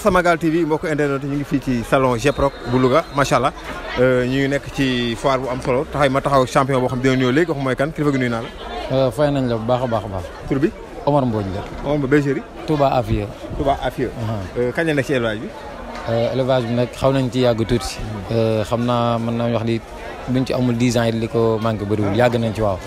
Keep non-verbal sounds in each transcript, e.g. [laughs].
Samagal TV mbokk internet euh, ñu ngi fi ci salon jeprok bu Louga macha allah ñu ngi ci foire bu am solo taxay ma taxaw champion bo xam dina ñëw léegi wax moy kan kilifa gi na la. Euh, fay nañ la bu baax a baax a baax. tur bi. Omar Mbodj la. Omar Mbodj bergerie. Touba Afia. Touba Afia. Uh-huh. Euh, kañ la nekk ci élevage bi. Euh, élevage bi nag xaw nañ ci yàgg tuuti. Uh-huh. xam naa mën naa wax di buñ ci amul dix ans it li ko manqué bëriwul uh-huh. yàgg nañ ci waaw.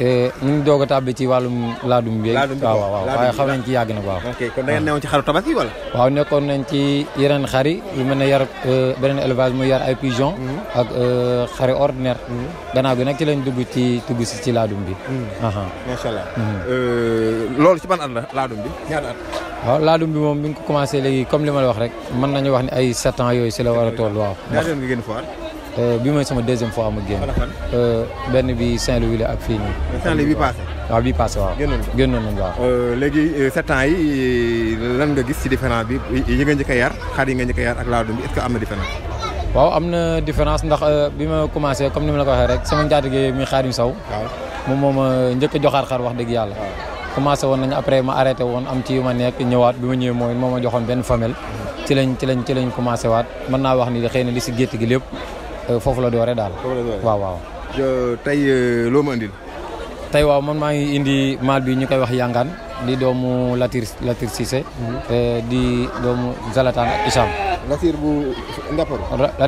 ñu eh, ngi doog ci wàllum laadum bi. laadum bi waaw waaw waaye xam nañ ci yàgg na waaw. ok kon da ngeen newoon ci xaru tabaski wala. waaw nekkoon nañ ci yeneen xari lu mel ne yar eh, beneen élevage mu yar ay pigeon. Mhm. ak eh, xari ordinaire. Mhm. gannaaw gi nag ci lañ dugg ci dugg si ci laadum bi. macha mhm. allah. loolu ci ban at la laadum bi ñaata at. waaw laadum bi moom bi ñu ko commencé comme li ma la wax rek mën nañu wax ne ay sept yooyu si la war a toll waaw. ndax ngeen Euh, bi mooy sama deuxième fois ma génn. Euh, benn bi Saint-Louis ak fii nii. Saint-Louis bi passé. waaw ah, bi passé waaw. génnoon nañu génnoon nañu waaw. Euh, léegi sept yi lan nga gis ci différence bi yi nga njëkk a yar xar yi nga njëkk a yar ak laadum bi est-ce que am na différence. waaw am na différence ndax bi ma commencé comme ni ma la waxee rek sama njaatige xaar Xaadim Saw. waaw moom moo ma njëkk joxaat xar wax dëgg yàlla. commencé woon nañu après ma arrêté woon am ci yu ma nekk ñëwaat bi ma ñëwee mooy moo ma joxoon benn femelle. ci lañ ci lañ ci lañ commencé waat mën naa wax ni xëy na li si gétt gi lépp Euh, foofu la doore daal. waaw waaw. tey euh, loo ma indil. tey waaw man maa ngi indi maal bi ñu koy wax yangaan di doomu Latir Latir Cissé. Mhm. Euh, di doomu Zalatan ak Isham. bu Ndapar.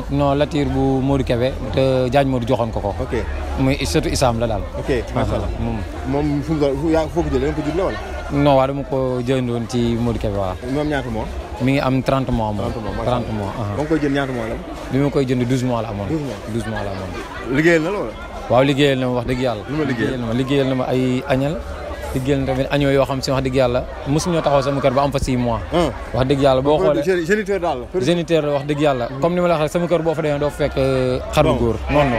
non Latir bu Modou Kébé te Diagne Modou joxoon ko ko. ok muy surtout Isham la daal. ok macha allah mm. moom fu mu yaa foo ko la wala. non waaw dama ko jëndoon ci Modou Kébé waaw. moom ñaata mois. mi ngi am 30 mois moom. 30 mois 30 mois. Uh-huh. ba nga koy jënd ñaata mois la. bi ma koy jënd 12 mois la amoon. 12 mois 12 la amoon. liggéeyal na loola. waaw liggéeyal na ma wax dëgg yàlla. lu ma liggéeyal na ma liggéeyal ay añal. di génn tamit añoo yoo xam si wax dëgg yàlla mosuñoo taxaw sama kër ba am fa six mois hmm. wax dëgg yàlla boo xoolee géniteur daal wax dëgg yàlla hmm. comme ni ma la waxee sama kër boo fa demee doo fekk euh, xaru góor noonu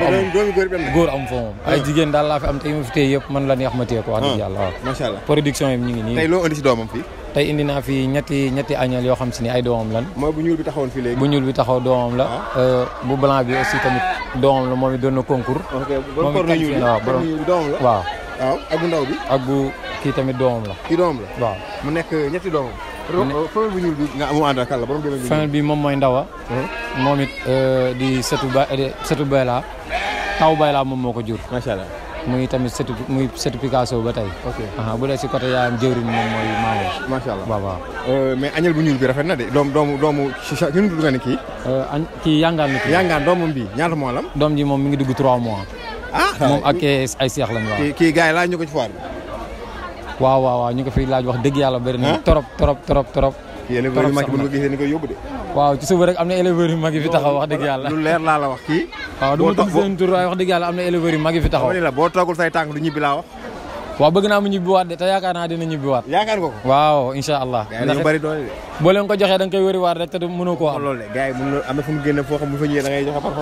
góor am fa moom hmm. ay jigéen daal laa fi am te yi ma fi téye yëpp man la neex ma téye ko wax dëgg yàlla waaw yi ñu ngi nii tey indi naa fi ñetti ñetti yoo xam si ni ay doomam lan bu ñuul bi taxaw doomam la ah. euh, bu blanc bi aussi tamit doomam waaw ak bu ndaw bi ak bu kii tamit doomam la kii doomam la waaw mu nekk ñetti doomam famille bu ñuul bi nga mu ànd ak la borom bi moom mooy ndawa moom it di setu ba setu bayla taw bayla moom moo ko jur macha allah muy tamit setu muy setu Picasso ba tey ok bu dee si côté yaayam jëwriñ moom mooy macha allah waaw waaw mais añal bu ñuul bi rafet na de doom doomu doomu ñu dugg nga ni kii kii yangaan ni kii yangaan doomam bi ñaata mois lam doom ji moom mi ngi dugg trois mois ah moom ak ay seex waaw. kii gars yi laaj ñu ko waaw waaw ñu ko fiy laaj wax dëgg yàlla bëri na ah. trop trop trop trop. kii éleveurs yu mag ko gisee waaw ci suba rek na éleveurs yu mag yi fi taxaw wax dëgg yàlla. lu leer laa wax kii. waaw du ma tudd seen tur waaye wax dëgg yàlla am na éleveurs yu mag yi fi taxaw. la boo toogul say tànk du ñibbi laa Wah, bagaimana menyibuat, deh? tanya de ada yaakaar Ya kan, kok? Wow, insya allah. ndax bari doole de. boo leen ko joxee da nga koy wëriwaat rek te du mënoo koo am. loolu de gars yi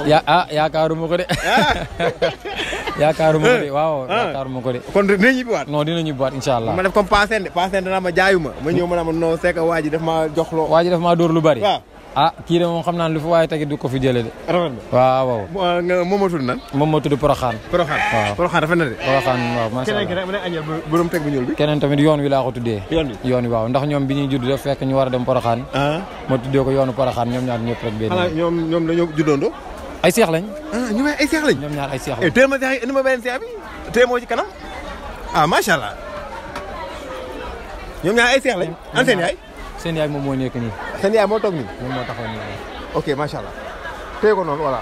Ya, kau ya kau rumah kau de. yaakaaruma ko de [laughs] eh, waaw eh. yaakaaruma ko de. kon dina insya allah. Mereka pasien, pasien Paa Sène de Paa Sène nama ma jaayuma. ma ñëw Lubari ah kira de moom lu fi waaye tegi du ko fi jëlee de. rafet waaw waaw. Ah, nga nan. moom moo tudd rafet na de. waaw allah keneen ki rek borom teg bu ñuul bi. keneen tamit yoon wi laa ko tuddee. yoon wi yoon wi waaw ndax ñoom bi judd dafa fekk ñu war a dem Poroxaan. Ah. ma tuddee ko yoonu ñaar rek. ah ñu Aisyah ay seex lañ. Aisyah. ñaar ay seex eh, lañ. tey ma ni ma bi ci ah masya allah ñoom ñaar ay seex lañ an seen yaay moom moo nekk nii. seen yaay moo toog nii. moom moo taxaw nii. ok macha allah téye ko noonu voilà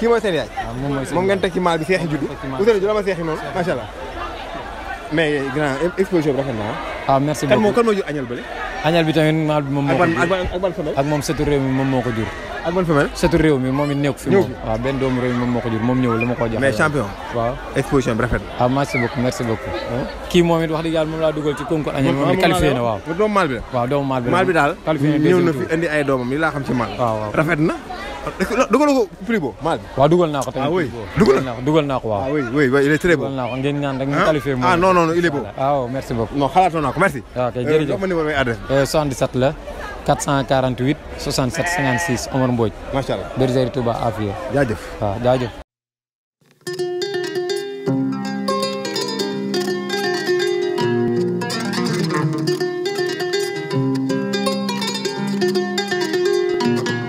kii ah, moom mooy seen yaay moom ngeen teg ci maal bi seexi juddu. ma seexi noonu macha allah. mais grand exposition bi rafet naa. Ah. ah merci beaucoup kan moo kan moom moo ko ak moom sëtu réew moo ko jur. ak ban femelle. setu réew mi moom it nekk fi. ñëw waaw benn doomu réew mi moom moo ko jur moom ñëwul dama koo jox. mais champion. waaw exposition bi rafet na. ah merci beaucoup merci beaucoup. kii moom it wax dëgg yàlla moom laa dugal ci concours aññan. moom qualifié na waaw doomu maal bi la. waaw doomu maal bi la maal bi daal. qualifié na ñëw na fi indi ay doomam yi laa xam ci maal. waaw ah, waaw rafet na. dugal ko frigo maal bi. waaw dugal naa ko tamit. ah oui dugal naa ko dugal naa ko waaw. ah oui oui il est très bon. dugal naa ko ngeen ñaan rek mu ah. qualifié moom. ah non non il est beau. Ah, waaw merci beaucoup. non xalaatoon naa ko merci. ok euh, jërëjëf waaw ma numéro bi adresse. 77 euh, la. 448 67 56 Omar Mbodj. macha allah bergerie Touba Afia. jaajëf waaw jaajëf. thank you